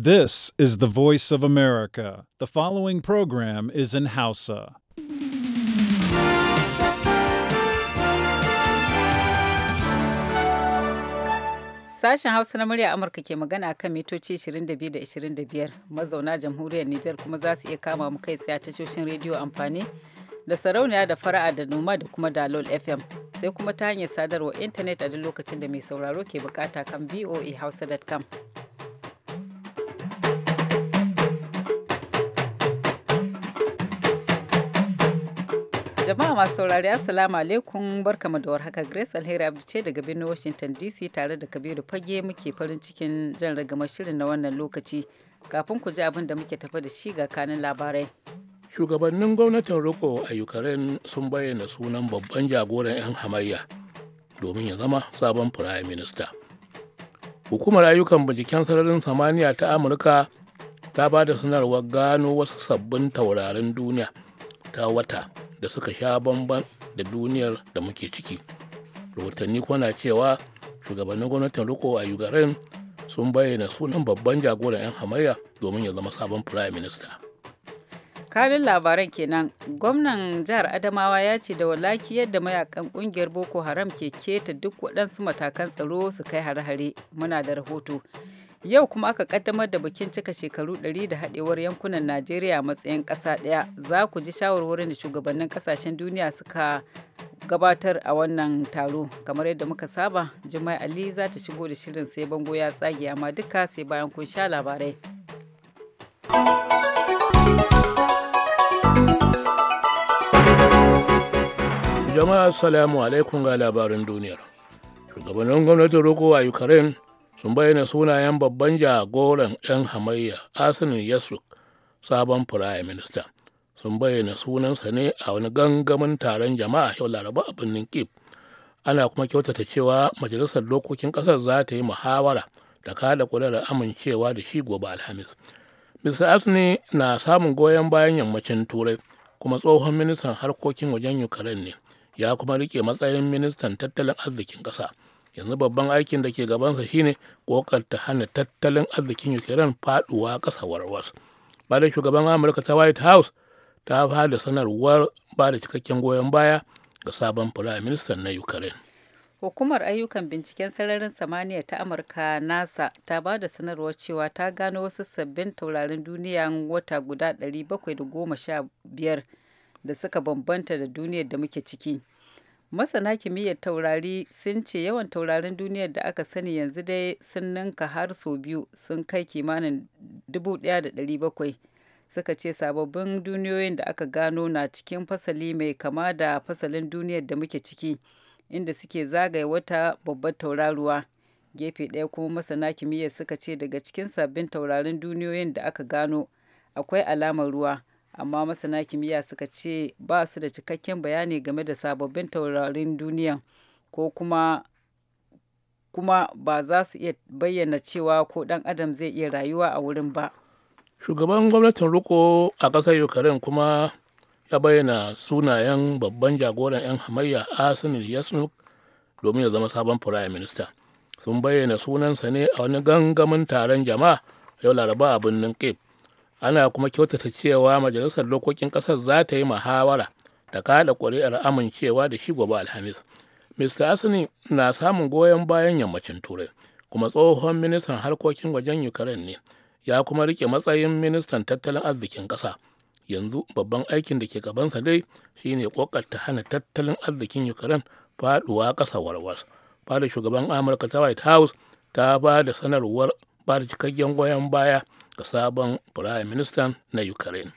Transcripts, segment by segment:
This is the voice of America. The following program is in Hausa. Sashen Hausa na murya Amurka ke magana kan mitoci 22 da 25 mazauna jamhuriyar Nijar kuma za su iya kama mu kai tsaye ta tashoshin rediyo amfani da sarauniya da fara'a da noma da kuma dalol FM sai kuma ta hanyar sadarwa intanet a duk lokacin da mai sauraro ke bukata kan voahausa.com. Jama'a masu saurari Assalamu alaikum barkamu da warhaka Grace Alheri Abdi ce daga birnin Washington DC tare da Kabiru Fage muke farin cikin jan ragama shirin na wannan lokaci. Kafin ku ji abin da muke tafa da shi ga kanin labarai. Shugabannin gwamnatin riko a Ukraine sun bayyana sunan babban jagoran 'yan hamayya domin ya zama sabon prime minista. Hukumar ayyukan binciken sararin samaniya ta Amurka ta ba da sanarwar gano wasu sabbin taurarin duniya ta wata da suka sha bamban da duniyar da muke ciki rahotanni kwana cewa shugabannin gwamnatin riko a ukraine sun bayyana sunan babban jagoran 'yan hamayya domin ya zama sabon prime minister kalin labaran kenan gwamnan jihar adamawa ya ce da wallaki yadda mayakan kungiyar boko haram ke keta duk waɗansu matakan tsaro su kai hare-hare muna da rahoto Yau kuma aka kaddamar da bikin cika shekaru 100 da haɗewar yankunan Najeriya a matsayin ƙasa ɗaya. Za ku ji shawarwarin da shugabannin ƙasashen duniya suka gabatar a wannan taro. Kamar yadda muka saba, jima'i Ali za ta shigo da shirin sai bango ya tsage amma duka sai bayan kun sha labarai. Jama'a salamu alaikum ga labarin duniyar. Shugabannin gwamnatin roko a Ukraine sun bayyana sunayen babban jagoran 'yan hamayya asinin yasuk sabon firayim minista sun bayyana sunansa ne a wani gangamin taron jama'a yau laraba a birnin kip ana kuma kyautata cewa majalisar dokokin kasar za ta yi muhawara da kada kudurar amincewa da shi gobe alhamis mr asni na samun goyon bayan yammacin turai kuma tsohon ministan harkokin wajen ukraine ne ya kuma rike matsayin ministan tattalin arzikin ƙasa. yanzu babban aikin da ke gabansa shine ta hana tattalin arzikin ukraine faduwa kasa warwas bayan shugaban amurka ta white house ta fada sanarwar ba da cikakken goyon baya ga sabon prime ministan na ukraine hukumar ayyukan binciken sararin samaniya ta amurka nasa ta ba da sanarwar cewa ta gano wasu sabbin taurarin duniya wata guda 715 da suka bambanta da duniyar da muke ciki masana kimiyyar taurari sun ce yawan taurarin duniyar da aka sani yanzu dai sun ninka har sau biyu sun kai kimanin 1,700 suka ce sababbin duniyoyin da aka gano na cikin fasali mai kama da fasalin duniyar da muke ciki inda suke zagaye wata babbar tauraruwa gefe ɗaya kuma masana kimiyyar suka ce daga cikin sabbin taurarin duniyoyin da aka gano akwai alamar ruwa amma masana kimiyya suka ce ba su da cikakken bayani game da sababbin taurarin duniya ko kuma kuma ba za su iya bayyana cewa ko ɗan adam zai iya rayuwa a wurin ba shugaban gwamnatin riko a ƙasar yukarin kuma ya bayyana sunayen babban jagoran 'yan hamayya arsenal yasnuk domin ya zama sabon prime minista sun bayyana sunansa ne a wani gangamin taron jama'a yau laraba a birnin cape ana kuma kyautata cewa majalisar dokokin kasar za ta yi muhawara da kada ƙuri'ar amincewa da shi gobe alhamis mr asini na samun goyon bayan yammacin turai kuma tsohon ministan harkokin wajen ukraine ne ya kuma rike matsayin ministan tattalin arzikin ƙasa yanzu babban aikin da ke gabansa dai shine kokarta hana tattalin arzikin ukraine faduwa ƙasa warwas fada shugaban amurka ta white house ta ba da sanarwar ba da cikakken goyon baya ga sabon prime minister na ukraine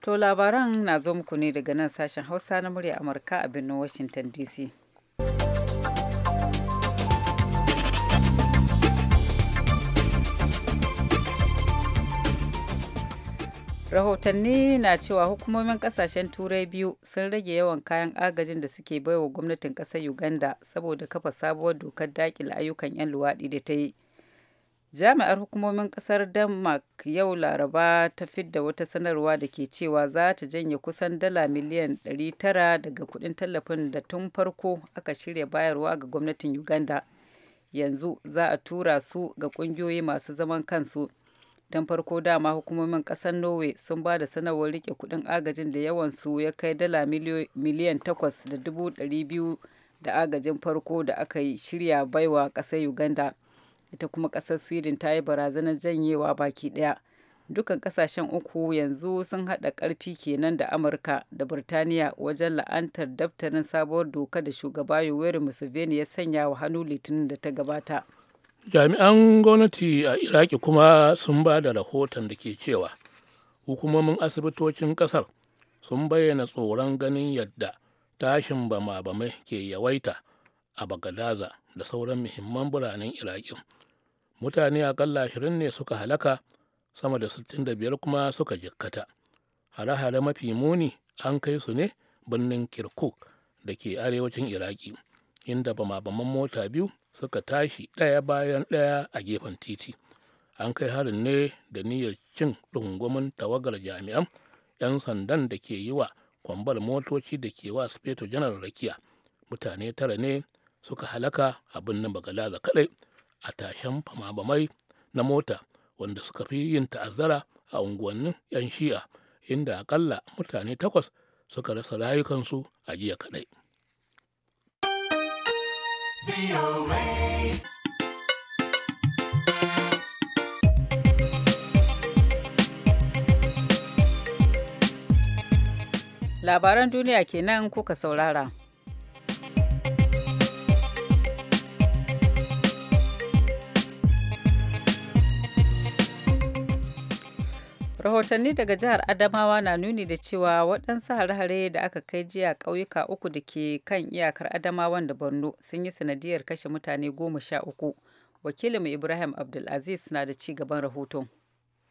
to labaran na zo muku ne daga nan sashen hausa na murya amurka a birnin washington dc rahotanni na cewa hukumomin kasashen turai biyu sun rage yawan kayan agajin da suke baiwa gwamnatin kasar uganda saboda kafa sabuwar dokar dakile ayyukan 'yan luwaɗi da ta yi jami'ar hukumomin kasar denmark yau laraba ta fidda wata sanarwa da ke cewa za ta janye kusan dala miliyan 900 daga kudin tallafin da tun farko aka shirya bayarwa ga gwamnatin uganda yanzu za a tura su ga kungiyoyi masu zaman kansu tun farko dama hukumomin kasar norway sun ba da sanarwar rike kudin agajin da yawansu ya kai dala miliyan 8 da dubu da agajin farko da aka shirya baiwa kasar uganda ita kuma kasar sweden ta yi barazanar janyewa baki daya dukan kasashen uku yanzu sun hada karfi kenan da amurka da birtaniya wajen la'antar daftarin sabuwar doka da shugaba yoweri museveni ya sanya wa hannu litinin da ta gabata jami'an gwamnati a iraki kuma sun ba da rahoton da ke cewa hukumomin asibitocin kasar sun bayyana tsoron ganin yadda tashin bama-bamai ke yawaita a bagadaza da sauran muhimman biranen iraki. mutane akalla ashirin ne suka halaka sama da sittin da biyar kuma suka jikkata hare-hare mafi muni an kai su ne birnin kirkuk da ke arewacin iraki inda bama-baman mota biyu suka tashi ɗaya bayan ɗaya a gefen titi an kai harin ne da niyyar cin ɗungumin tawagar jami'an 'yan sandan da ke yi wa kwambar motoci da ke wa speto janar rakiya mutane tara ne suka halaka a birnin bagalaza kaɗai a tashen famabamai na mota wanda suka fi yin ta'azzara a unguwannin 'yan shi'a inda akalla mutane takwas suka rasa rayukansu a jiya kadai. Labaran duniya kenan kuka saurara. rahotanni daga jihar adamawa na nuni da cewa waɗansu hare-hare da aka kai jiya ƙauyuka uku da ke kan iyakar adamawan da borno sun yi sanadiyar kashe mutane goma sha uku wakilinmu ibrahim abdulaziz na da ci gaban rahoton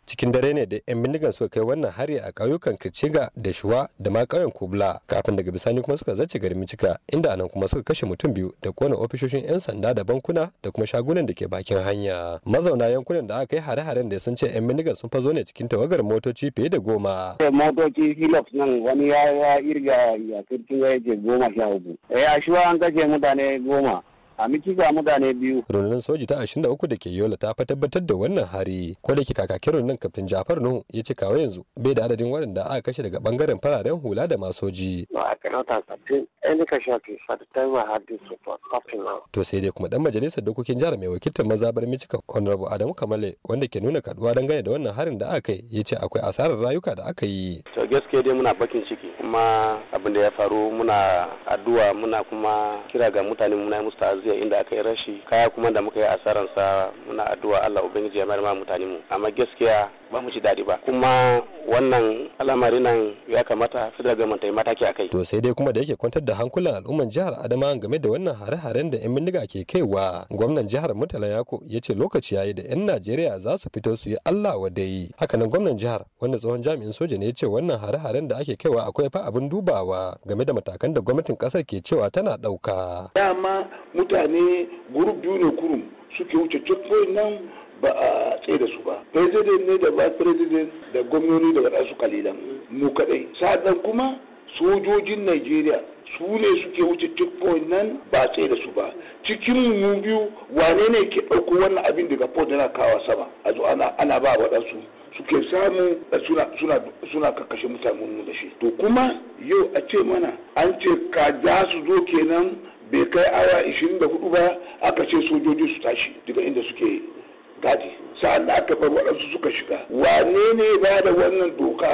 cikin dare ne da 'yan bindigan suka kai wannan hari a kauyukan kirciga da shuwa da ma ƙauyen kubla kafin daga bisani kuma suka zace garin micika inda nan kuma suka kashe mutum biyu da kona ofishoshin 'yan sanda da bankuna da kuma shagunan da ke bakin hanya mazauna yankunan da aka kai hare-haren da sun ce 'yan bindigan sun fazo ne cikin tawagar motoci fiye da goma. Eh, motoci hilux nan wani ya irga ya kirkin ya ce goma sha hudu eh, a shuwa an kashe mutane goma a miki ga mutane biyu. Rundunar soji ta 23 da ke Yola ta tabbatar da wannan hari ko da ke kakakin rundunar Kaftin Jafar Nuhu ya ce kawai yanzu bai da adadin waɗanda aka kashe daga bangaren fararen hula da masoji. To sai dai kuma dan majalisar dokokin jihar mai wakiltar mazabar Michigan Honorable Adamu Kamale wanda ke nuna kaduwa dangane da wannan harin da aka yi ya ce akwai asarar rayuka da aka yi. To gaskiya dai muna bakin ciki kuma abin da ya faru muna addu'a muna kuma kira ga mutane muna musu ta'aziyya inda aka yi rashi kaya kuma da muka yi asaransa muna addu'a Allah ubangiji ya mayar mutanen mutane mu amma gaskiya ba mu ji daɗi ba kuma wannan al'amari nan ya kamata federal government ta yi mataki a kai. to sai dai kuma da yake kwantar da hankulan al'umman jihar adama game da wannan hare-haren da 'yan bindiga ke kaiwa gwamnan jihar murtala yako ya ce lokaci yayi da 'yan najeriya za su fito su yi allah haka hakanan gwamnan jihar wanda tsohon jami'in soja ne ya ce wannan hare-haren da ake kaiwa akwai fa abin dubawa game da matakan da gwamnatin kasar ke cewa tana ɗauka. dama mutane gurub biyu ne kurum suke wuce cikin nan ba a tsaye da su ba president ne da vice president da gwamnoni da waɗansu kalilan mu kaɗai sa'adan kuma sojojin nigeria su ne suke wuce point nan ba tsaye da su ba cikin mu biyu wane ne ke ɗauko wannan abin daga port yana kawa sama a zo ana ba waɗansu suke samu suna suna suna kakkashe mutanen mu da shi to kuma yau a ce mana an ce ka za su zo kenan bai kai awa 24 ba aka ce sojoji su tashi daga inda suke kaji sa'an da aka bar waɗansu suka shiga wane ne ba da wannan doka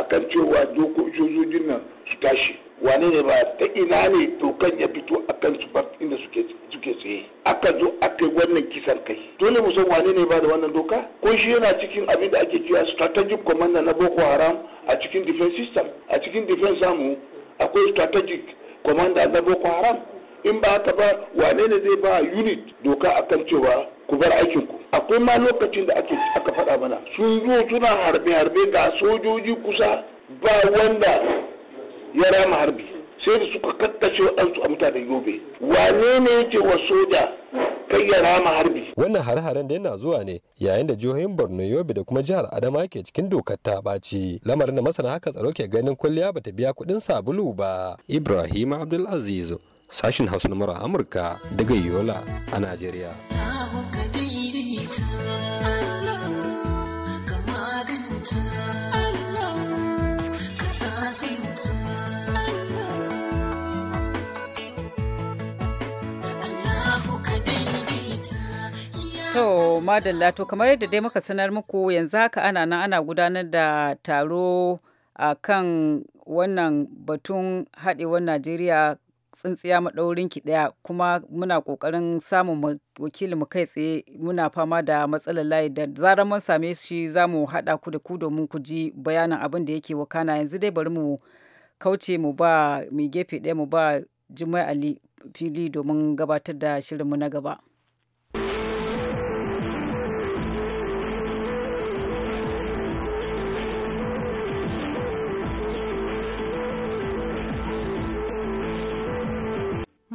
akan cewa dokokin sojojin nan su tashi wane ne ba ta ina ne dokan ya fito akan su bar inda suke tsaye aka zo aka yi wannan kisan kai dole mu san wane ne ba da wannan doka ko shi yana cikin abin da ake cewa strategic commander na boko haram a cikin defense system a cikin defense samu akwai strategic commander na boko haram in ba haka ba wane ne zai ba unit doka akan cewa ku bar aikinku akwai ma lokacin da ake aka faɗa mana sun zo suna harbe-harbe ga sojoji kusa ba wanda ya rama harbi sai da suka kakkashe waɗansu a mutanen yobe wane ne yake wa soja kai ya rama harbi wannan hare-haren da yana zuwa ne yayin da jihohin borno yobe da kuma jihar adama ke cikin dokar ta ɓaci lamarin da masana haka tsaro ke ganin kwalliya ba ta biya kuɗin sabulu ba ibrahim abdulaziz sashin hausa na amurka daga yola a najeriya To, madalla to kamar yadda dai muka sanar muku yanzu haka ana nan ana gudanar da taro a kan wannan batun haɗewar Najeriya tsintsiya maɗaurinki ɗaya kuma muna ƙoƙarin samun wakilin mu kai tsaye muna fama da matsalar layi da zarar mun same shi za mu haɗa ku da ku domin ku ji bayanin abin da yake wakana yanzu dai bari mu kauce mu ba mai gefe ɗaya mu ba jimai Ali fili domin gabatar da shirinmu na gaba.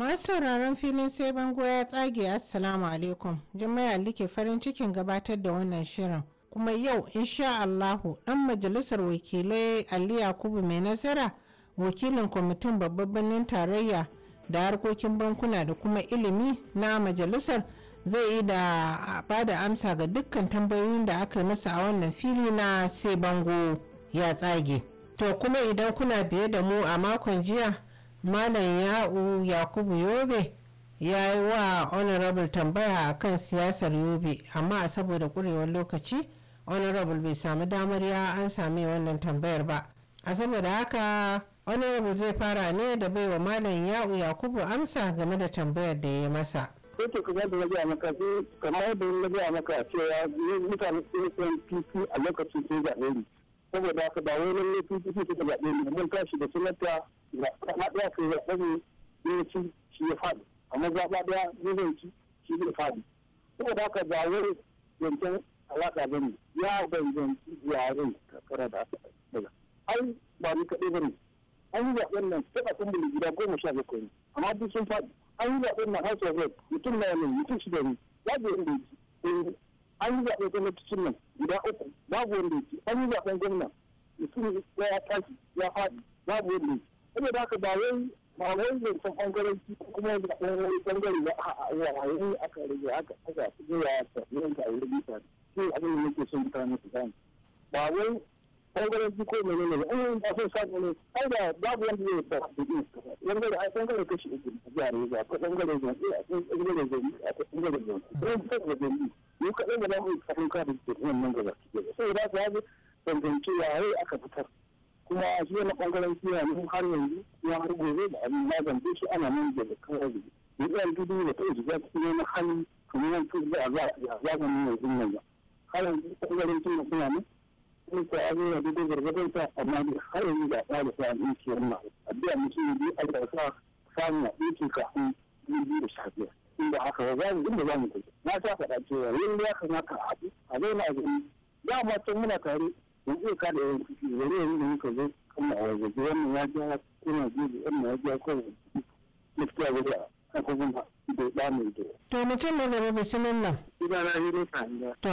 Masu sauraron filin sai bango ya tsage Assalamu alaikum. Jama'a like farin cikin gabatar da wannan shirin. Kuma yau insha Allahu ɗan majalisar wakilai Ali Yakubu mai nasara wakilin kwamitin babban birnin tarayya da harkokin bankuna da kuma ilimi na majalisar zai yi da ba da amsa ga dukkan tambayoyin da aka masa a wannan fili na sai bango ya tsage. To kuma idan kuna biye da mu a makon jiya malam ya'u yakubu yobe ya yi wa honorable tambaya a kan siyasar yobe amma saboda kurewar lokaci honorable bai sami damar ya an sami wannan tambayar ba a saboda haka honorable zai fara ne da baiwa malam ya'u yakubu amsa game da tambayar da ya masa sai kuma da rage a maka kamar da rage a maka cewa mutane sun san titi a lokacin sai zaɓe saboda haka ba wai lalle PDP suka zaɓe mu mun tashi da sanata ga kama ɗaya kai zaɓe mu ne ci shi ya faɗi amma zaɓa ɗaya ne zai ci shi ne faɗi saboda haka ba wai zancen alaƙa ba ne ya banganci yaren karkara da aka daga ai ba ni kaɗai ba ne an yi zaɓen nan taɓa ɗumbin gida goma sha bakwai ne amma duk sun faɗi an yi zaɓen nan house a mutum na yanayi mutum shida ne ya je an yi zaɓen gwamnatocin nan guda uku babu wanda yake an yi zaɓen gwamna mutum ya tashi ya faɗi babu wanda yake saboda haka ba wai ba wai zancen ɓangaranci ko kuma zaɓen wani ɓangare ba a wayoyi aka rage aka aka zuwa ta yanka a wurin mutane shi abin da yake son mutane su gane ba wai ɓangaren ko mene ne in ba so sa ne ai da babu wanda zai sa su yi ɓangare a ɓangare kashi uku jare za ko ɓangaren zaɓe a ɓangaren zaɓe a ɓangaren zaɓe in ka da zaɓe ni da kafin ka da gaba sai da ka yi bambance yayi aka fitar kuma a shi wani ɓangaren har yanzu ya har gobe da abin magance shi ana nan da kawai da yan dudu da ta jiga cikin wani hali kamar yanzu ba a a zaɓe ne yanzu nan ba har yanzu ɓangaren ne sun ko an yi da gargadon ta amma da har yanzu da ta da ta yi ke addu'a mutum ne a da ta samu na ɗinki kafin biyu da safiya inda haka ba za mu inda za mu tafi na ta faɗa cewa yin ya kamata a haɗu a zauna a gani da ma can muna tare mun iya kada yawan kuɗi zare yanzu da muka zo kan a wajaje wannan ya ja kuna jibi wannan ya ja kawai gaskiya gaskiya a kuma da ɗa mai da. to mutum na gaba bismillah. sunana hidu sanda. to.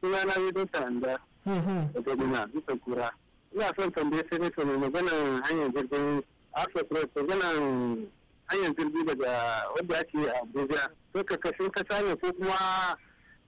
sunana hidu sanda. da gadina duka kura ina son tambaye senator mai maganar hanyar jirgin afirka maganar hanyar jirgi daga wadda ake a abuja to ka kashin kasa ne ko kuma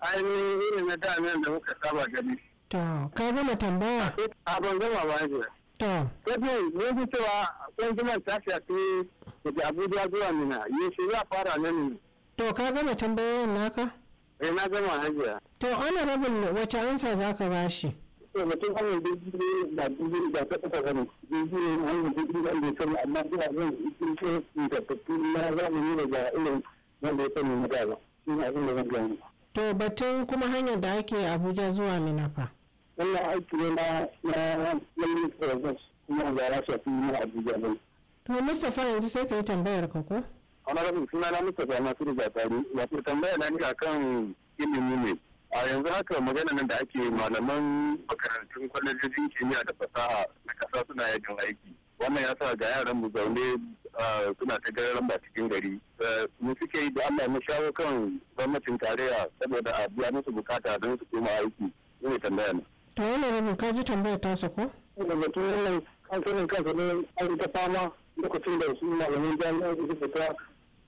ainihin irin na da nan da muka saba gani to ka gama tambaya a ban gama ba ne to kaje ne ji cewa kwangilan ta shafi daga abuja zuwa mina yi shi ya fara nan to ka gama tambayoyin naka eh na gama hajiya to ana rabin wace ansa za ka ba shi to mutum an yi da dubu da ta tsaka gani dubu ne an yi dubu da yi kan amma ina zan yi ce da tafi na zamani da ga irin wanda ya sani na gaba shi ne abin da zan gani to batun kuma hanyar da ake abuja zuwa minafa wannan aiki ne na na lalin kuma gara shafi na abuja ne to mustapha yanzu sai ka yi tambayar ka ko wani rabin suna na mustapha masu jatari wato tambaya na ni akan ilimi ne a yanzu haka magana nan da ake malaman makarantun kwalejojin kimiyya da fasaha na kasa suna yajin aiki wannan ya sa ga yaran mu zaune suna ta gararan ba cikin gari mu suke yi da allah mu shawo kan gwamnatin tarayya saboda a biya musu bukata don su koma aiki ne tambaya na. to wannan rabin ka ji tambayar sako? ko. da batun wannan sanin kansa ne an ta fama lokacin da su malaman jami'a su fita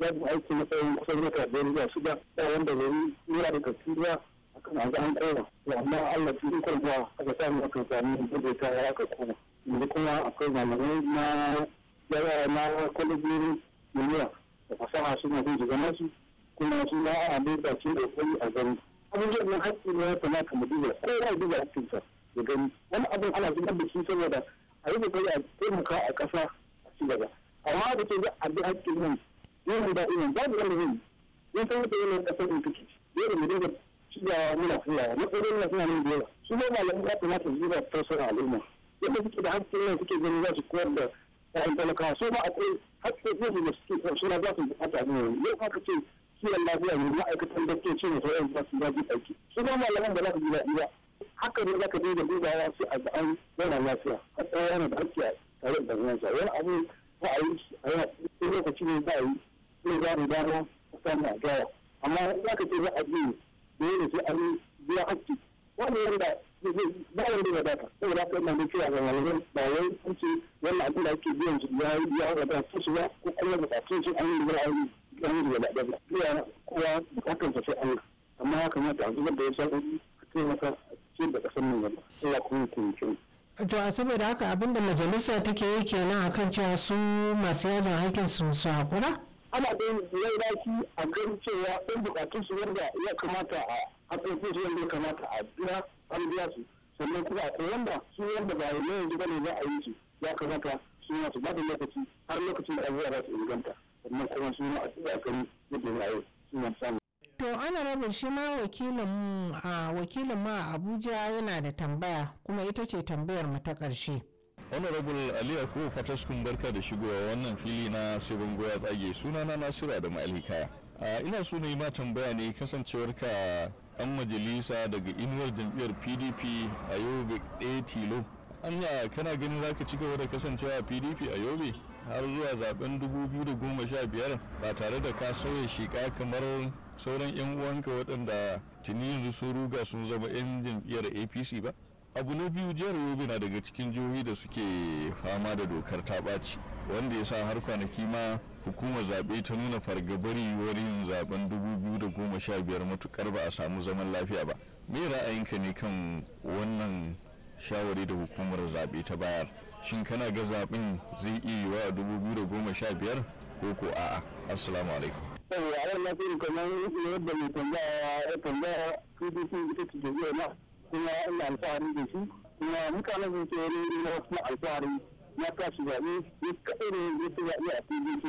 ya aikin aiki matsayin kusan zaka biyar zuwa shida ba wanda gari nura da kafiriya akan an an ɗaura to amma allah fi ikon ba aka samu aka sami da ta ya aka koma yanzu kuma akwai malamai na yara na kwalibin miliyan da fasaha suna bin jiga su kuma suna a mai bakin da kwai a gani abubuwan nan haƙƙi ne ya kamata mu duba kowa ya duba sa ya gani wani abin ana zubar da shi saboda a yi kai a taimaka a ƙasa a ci gaba amma da ke za a bi haƙƙin nan wannan da ina babu wanda zai ya san wata yanayin kasar da take dole mu dinga shigawa muna kullawa matsalolin na suna nan da yawa su ne malamin ya kamata su zuba tausayin al'umma yadda suke da hakkin nan suke ganin za su koyar da ya'yan talakawa su ma akwai hakkin yadda da suke suna za su bukata ne yau haka ce kiwon lafiya ne ma'aikatan daktoci ne sauran za su daji aiki su ma malaman ba za su ji daɗi ba haka ne za ka dinga dubawa sai a ga an zauna lafiya har tsawon yana da hakki a tare da ɗan wani abu ba a yi a yi lokaci ne ba a yi zai ba mu dama kusan na gaya amma ya ka ce za a biyu da yadda sai an biya hakki wani yadda ba wanda ya dafa saboda haka yana da cewa ga malamai ba wai an ce wannan abin da ake biyan su ya yi biya wa da su ba ko kuma yi su su an yi da an yi an yi da da ba ya kowa bukatun sa sai an yi amma ya kamata a zubar da ya sa'o'i a maka a cikin da kasan nan gaba sai ya kuma taimake to a saboda haka abinda majalisa take yi kenan akan cewa su masu yajin aikin su su hakura ana da yin rashi a gani cewa ɗan bukatun su wanda ya kamata a hatsarfe su wanda ya kamata a biya an biya su sannan kuma akwai wanda su wanda ba yi yanzu ne za a yi su ya kamata su yi masu bada lokaci har lokacin da abubuwa za su inganta sannan kuma su ma a tsaya gani yadda za a yi su yi masu to ana rabin shi ma wakilin a wakilin ma abuja yana da tambaya kuma ita ce tambayar mu ta ƙarshe. honorable ali yakubu fataskun barka da shigowa wannan fili na sai goya tsage tsage sunana nasiru adamu alhikaya ina so na yi ma tambaya ne kasancewar ka an majalisa daga inuwar jam'iyyar pdp a yobe ga tilo anya kana ganin za ka ci gaba da kasancewa pdp a yobe har zuwa zaben 2015 ba tare da ka sauya shiƙa kamar sauran 'yan uwanka waɗanda tuni yanzu sun ruga sun zama 'yan jam'iyyar apc ba abu na biyu jihar yobe na daga cikin jihohi da suke fama da dokar ta ɓaci wanda ya sa har kwanaki ma hukumar zaɓe ta nuna fargabar yiwuwar yin zaben 2015 matukar ba a samu zaman lafiya ba me ra'ayinka ne kan wannan shawari da hukumar zaɓe ta bayar shin kana ga zaɓen zai iya yiwa a 2015 ko ko a'a assalamu alaikum yawwa a kamar yadda mai tambaya ya tambaya pdp ita ce jami'a kuma ina alfahari da shi kuma mutanen sun ce ne na wasu alfahari ya tashi zaɓe ya kaɗai ne ya ce zaɓe a pdp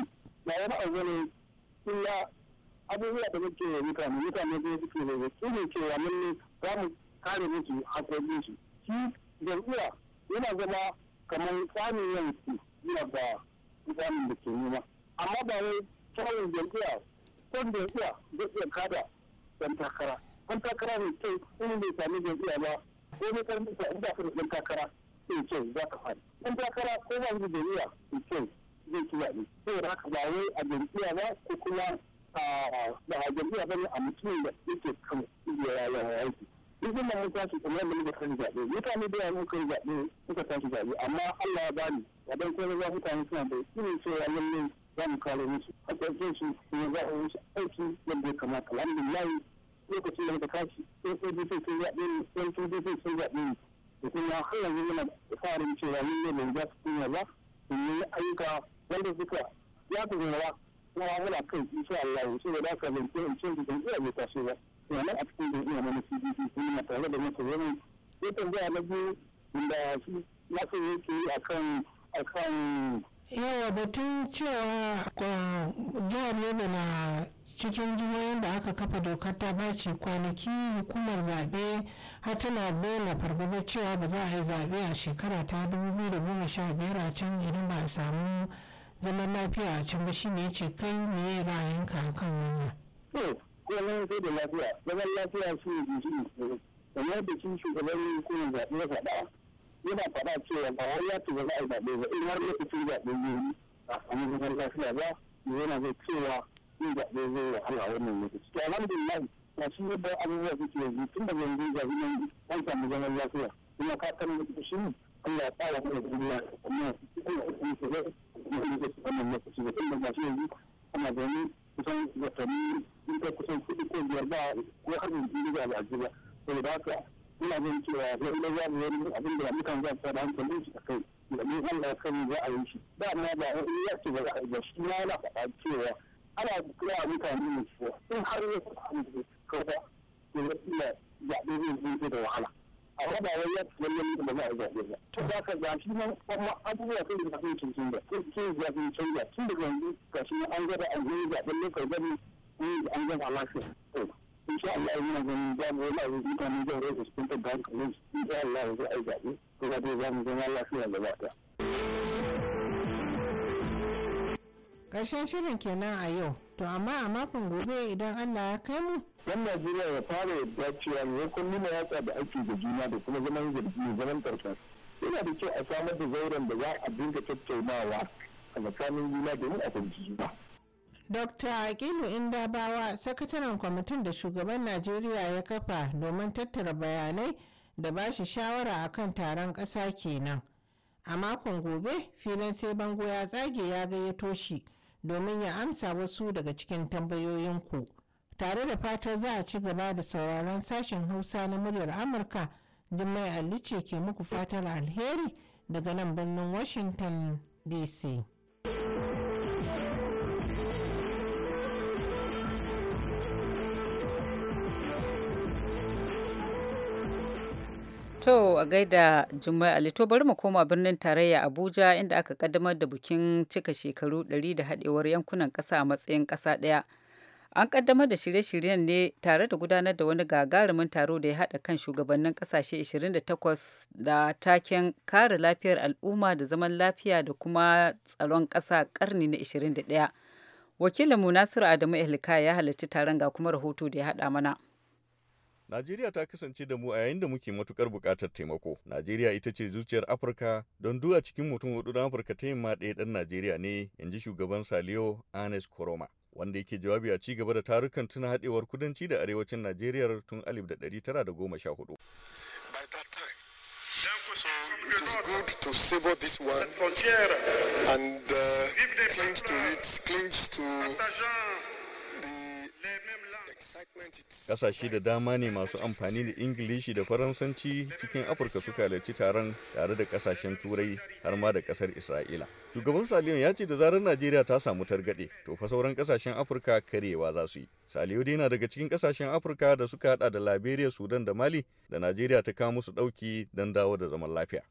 ba wani abu ne illa abubuwa da muke mutane mutane da suke da su ne cewa mun ne za mu kare musu hakokin su shi jam'iyya yana zama kamar tsamin su yana da tsamin da ke nema amma ba wai kyawun jam'iyya ko jam'iyya zai iya kada dan takara an takara mai kyau wani bai sami jam'iyya ba ko ne karnuka in za ka rufin takara mai kyau za ka fadi an takara ko ba ni jam'iyya mai kyau zai ci zaɓe saboda haka ba wai a jam'iyya ba ko kuma ba a jam'iyya ba ne a mutum da yake kan aiki idan da mun tashi kamar da muka kan zaɓe mutane da yawa muka yi zaɓe muka tashi zaɓe amma Allah ya bani a dan kai za mutane suna da irin cewa lalle za mu kare musu a ƙarshen su ne za a yi musu aiki yadda ya kamata alhamdulillah lokacin da kashi tashi sun sojoji sun zaɓe ni sun sojoji sun zaɓe ni da kuma har yanzu muna farin cewa mun ne ban za su kunya ba sun yi ayyuka wanda suka ya fi zama kuma muna kai insha Allah shi da za ka zance in ce da jam'iyya bai tashi ba kuma nan a cikin jam'iyya na na CDC sun na tare da masu zama ya tambaya na biyu inda shi na so yake yi akan akan yawa batun cewa kwa eh, jihar yana na cikin jihohin da aka kafa dokar ta bace kwanaki hukumar zaɓe har tana bayyana fargabar cewa ba za a yi zaɓe a shekara ta 2015 a can idan ba a samu zaman lafiya a can ba shine yace kai me ra'ayinka kan wannan. Wannan sai da lafiya, zaman lafiya shi ne shi kamar da shi shugaban hukumar zaɓe ya faɗa yana faɗa cewa ba wai ya tuba za a zaɓe ba in har lokacin zaɓe ne a samu zaman lafiya ba yana zai cewa yin zaɓe zai wahala wannan lokaci to alhamdulillah na shi yadda abubuwa suke yanzu tun da yanzu ga an samu zaman lafiya kuma ka kan da shi Allah ya fara kuma kuma kuma kuma kuma kuma ana gani kusan watanni kusan kuɗi ko biyar ba ko har yanzu ne ga al'ajiba jin cewa lallai za mu yi abin da mukan za su da hankalin kai domin Allah ya za a yi shi da ma ba ya ce ba shi ma ana kira mutane ne su in har ya fi kan da su ba da ya fi zaɓe zai zai da wahala a wada wai ya fi yanyan da za a zaɓe ba to za ka zaɓi nan kuma abubuwa sun da kai cikin da sun da sun tun da yanzu ga shi an gaba an yi zaɓen lokacin gani ne an gaba lafiya in sha Allah yana ganin za mu wani abu mutane zai rai da su kuntar da hankalin in sha Allah zai ai zaɓe ko ba dai za zama lafiya gaba ƙarshen shirin kenan a yau to amma a makon gobe idan allah ya kai mu yan najeriya ya fara yadda cewa ne kun nuna yatsa da ake da juna da kuma zaman zargi zaman tarkas yana da kyau a samar da zauren da za a dinga tattaunawa a tsakanin juna domin a fahimci juna Dr. Akilu Indabawa, sakataren kwamitin da shugaban Najeriya ya kafa domin tattara bayanai da ba shi shawara a kan taron ƙasa kenan. A makon gobe, filin sai bango ya tsage ya gayyato shi domin ya amsa wasu daga cikin tambayoyinku tare da fatar za a ci gaba da sauraron sashen hausa na muryar amurka jimai alice ke muku fatar alheri daga nan birnin washington dc To a gaida Jummai Ali to bari mu koma birnin tarayya Abuja inda aka kaddamar da bukin cika shekaru 100 da haɗewar yankunan ƙasa a matsayin ƙasa ɗaya. An kaddamar da shirye-shiryen ne tare da gudanar da wani gagarumin taro da ya haɗa kan shugabannin ƙasashe 28 da taken kare lafiyar al'umma da zaman lafiya da kuma tsaron ƙasa ƙarni na 21. Wakilinmu Nasiru Adamu Ehlika ya halarci taron ga kuma rahoto da ya haɗa mana. Najeriya ta kasance da mu a yayin da muke matukar bukatar taimako. Najeriya ita ce zuciyar Afirka don duwa cikin mutum hudu na Afirka ta yamma ɗaya ɗan Najeriya ne, in ji shugaban Saliyo Anes Koroma. Wanda yake jawabi a ci gaba da tarukan tuna haɗewar kudanci da arewacin Najeriya tun alif da ɗari tara da goma sha hudu. and uh, to it, to Ƙasashe da dama ne masu amfani da Ingilishi da Faransanci cikin Afirka suka halarci taron tare da ƙasashen Turai har ma da ƙasar Isra'ila. Shugaban Saliyu ya ce da zarar Najeriya ta samu targaɗe, to fa sauran ƙasashen Afirka karewa za su yi. Saliyu dai na daga cikin ƙasashen Afirka da suka haɗa da Liberia, Sudan da Mali da Najeriya ta kawo musu ɗauki don dawo da zaman lafiya.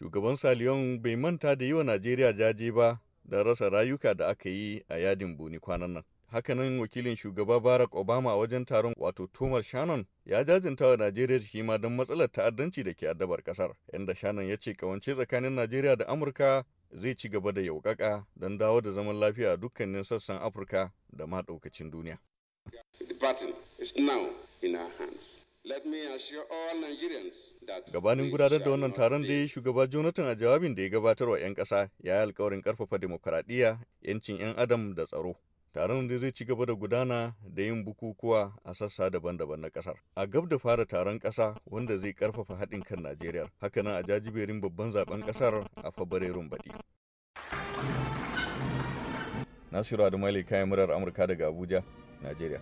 Shugaban Saliyon bai manta da yi wa Najeriya jaje ba don rasa rayuka da aka yi a yadin buni kwanan nan. hakanan wakilin shugaba barack obama a wajen taron wato thomas shannon ya jajinta wa najeriya shi ma don matsalar ta'addanci da ke addabar kasar inda shannon ya ce kawance tsakanin najeriya da amurka zai ci gaba da yaukaka don dawo da zaman lafiya a dukkanin sassan afirka da ma daukacin duniya Gabanin gudanar da wannan taron da ya yi shugaba Jonathan a jawabin da ya gabatar wa 'yan ƙasa ya yi alkawarin karfafa demokaradiyya 'yancin 'yan adam da tsaro. Taron da zai ci gaba da gudana da yin bukukuwa a sassa daban-daban na kasar. A gab da fara taron kasa wanda zai karfafa haɗin kan Najeriya, hakanan a jajiberin babban zaben kasar a Fabrairun baɗi. Nasiru Adamali kayan murar Amurka daga Abuja, Najeriya.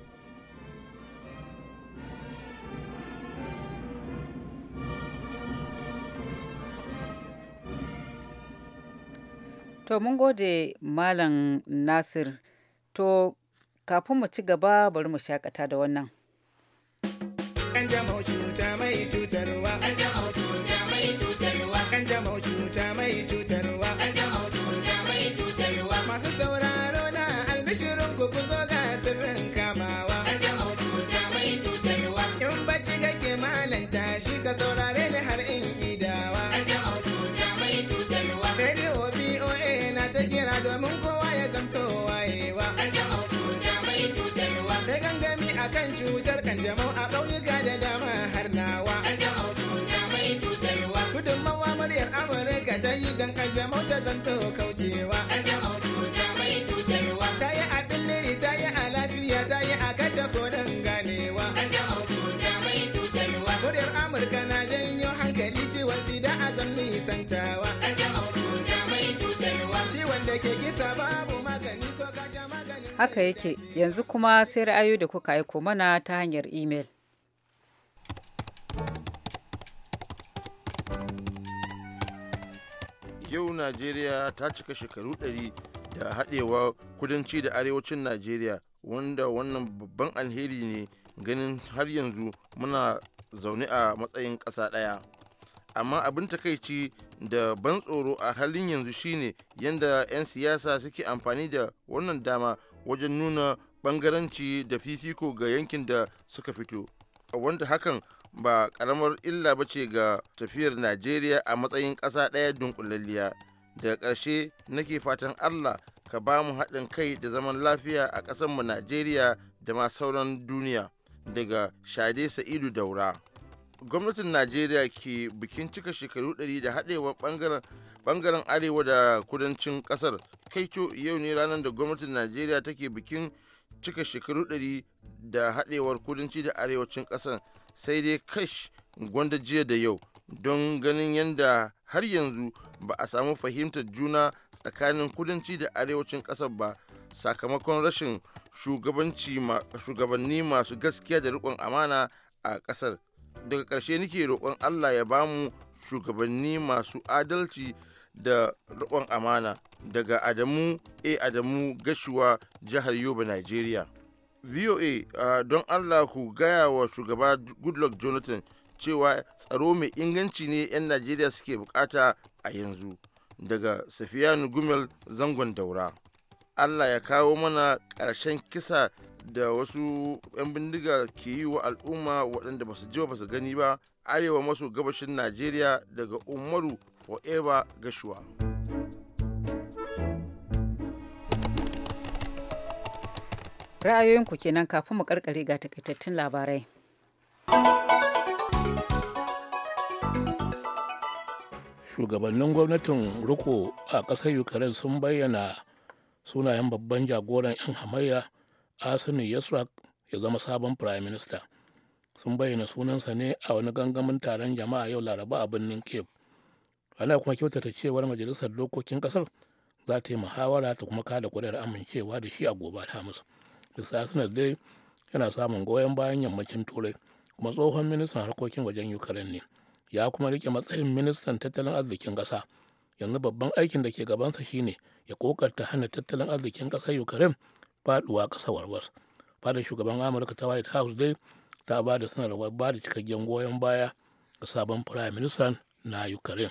To mun gode Malam Nasir. To, kafin mu ci gaba bari mu shakata da wannan. Masu sauraro na albishirin ku zo ga sirrin. Kanjamau a ƙauyuka da dama har nawa. Kanjamau cuta muryar Amurka ta yi don kanjamau ta zanto kaucewa. Ta yi a billiri ta yi a lafiya ta yi a kace koren ganewa. Kanjamau Muryar Amurka na janyo hankali ciwon sida a zan nisantawa. Ciwon da ke kisa babu maga Haka yake yanzu kuma sai ra'ayoyi da kuka aiko mana ta hanyar imel. Yau Najeriya ta cika shekaru ɗari da haɗewa kudanci da arewacin Najeriya wanda wannan babban alheri ne ganin har yanzu muna zaune a matsayin ƙasa ɗaya. amma abin takaici da ban tsoro a halin yanzu shine yadda 'yan siyasa suke amfani da wannan dama wajen nuna bangaranci da fifiko ga yankin da suka fito wanda hakan ba karamar illa ba ce ga tafiyar najeriya a matsayin ƙasa ɗaya dunkulalliya daga ƙarshe nake fatan allah ka ba mu haɗin kai da zaman lafiya a ƙasarmu najeriya da ma sauran duniya daga shade sa'idu daura gwamnatin najeriya ke bikin cika shekaru 100 da haɗewa bangaren arewa da kudancin ƙasar kaico yau ne ranar da gwamnatin najeriya take bikin cika shekaru 100 da haɗewar kudanci da arewacin ƙasar sai dai kash gwanda jiya da yau don ganin yadda har yanzu ba a samu fahimtar juna tsakanin kudanci da arewacin ƙasar ba sakamakon rashin shugabanni masu gaskiya da riƙon amana a ƙasar daga ƙarshe nike roƙon allah ya bamu shugabanni masu adalci da riƙon amana daga adamu a adamu gashuwa jihar yobe nigeria voa uh, ah, don allah ku gaya wa shugaba goodluck jonathan cewa tsaro mai inganci ne 'yan najeriya suke bukata a yanzu daga safiyanu gumel zangon daura allah ya kawo mana ƙarshen kisa da wasu 'yan bindiga ke yi wa al'umma waɗanda ba su ji ba su gani ba arewa maso gabashin najeriya daga umaru forever gashuwa ra'ayoyinku kenan kafin mu karkare ga takaitattun labarai shugabannin gwamnatin ruko a ƙasar ukraine sun bayyana sunayen babban jagoran 'yan hamayya asini yasrak ya zama sabon Prime minista sun bayyana sunansa ne a wani gangamin taron jama'a yau laraba a birnin cape ana kuma kyautata cewar majalisar dokokin kasar za ta yi muhawara ta kuma kada kuri'ar amincewa da shi a gobe alhamis mr asinas dai yana samun goyon bayan yammacin turai kuma tsohon ministan harkokin wajen ukraine ne ya kuma rike matsayin ministan tattalin arzikin ƙasa yanzu babban aikin da ke gabansa shine ya kokarta hana tattalin arzikin ƙasar ukraine faduwa ƙasa warwas fadar shugaban amurka ta white house dai ta ba da sanarwar ba da cikakken goyon baya ga sabon prime minister na ukraine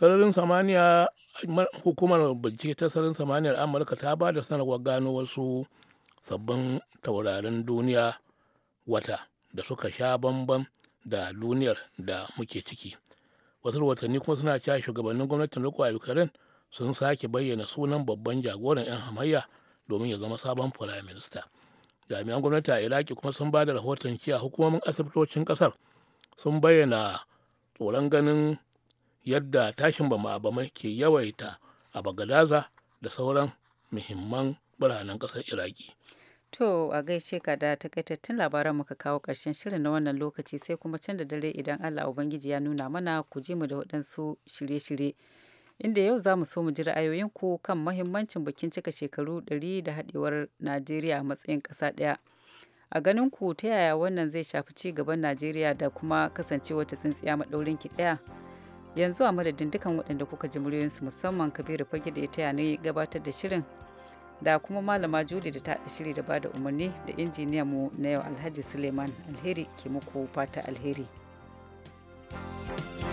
sararin samaniya hukumar bincike ta sararin samaniyar amurka ta ba da sanarwar gano wasu sabbin taurarin duniya wata da suka sha bambam da duniyar da muke ciki wasu watanni kuma suna cewa shugabannin gwamnatin riko a ukraine sun sake bayyana sunan babban jagoran 'yan hamayya domin ya zama sabon firaminista jami'an gwamnati a iraki kuma sun ba da rahoton cewa hukumomin asibitocin kasar sun bayyana tsoron ganin yadda tashin bama bama ke yawaita a bagadaza da sauran muhimman biranen kasar iraki To a gaishe ka da takaitattun labaran muka kawo ƙarshen shirin na wannan lokaci sai kuma can da dare idan Allah Ubangiji ya nuna mana ku ji mu da waɗansu shirye-shirye. inda yau za mu so mu ji ra'ayoyinku kan mahimmancin bikin cika shekaru 100 da haɗewar Najeriya a matsayin ƙasa ɗaya. A ganin ku ta yaya wannan zai shafi ci gaban Najeriya da kuma kasancewa ta tsintsiya maɗaurin ki ɗaya. Yanzu a madadin dukan waɗanda kuka ji muryoyinsu musamman Kabiru Fage da ya taya ne gabatar da shirin da kuma Malama Juli da ta shiri da bada umarni da injiniyan mu na yau Alhaji Suleiman Alheri ke muku fata alheri. thank you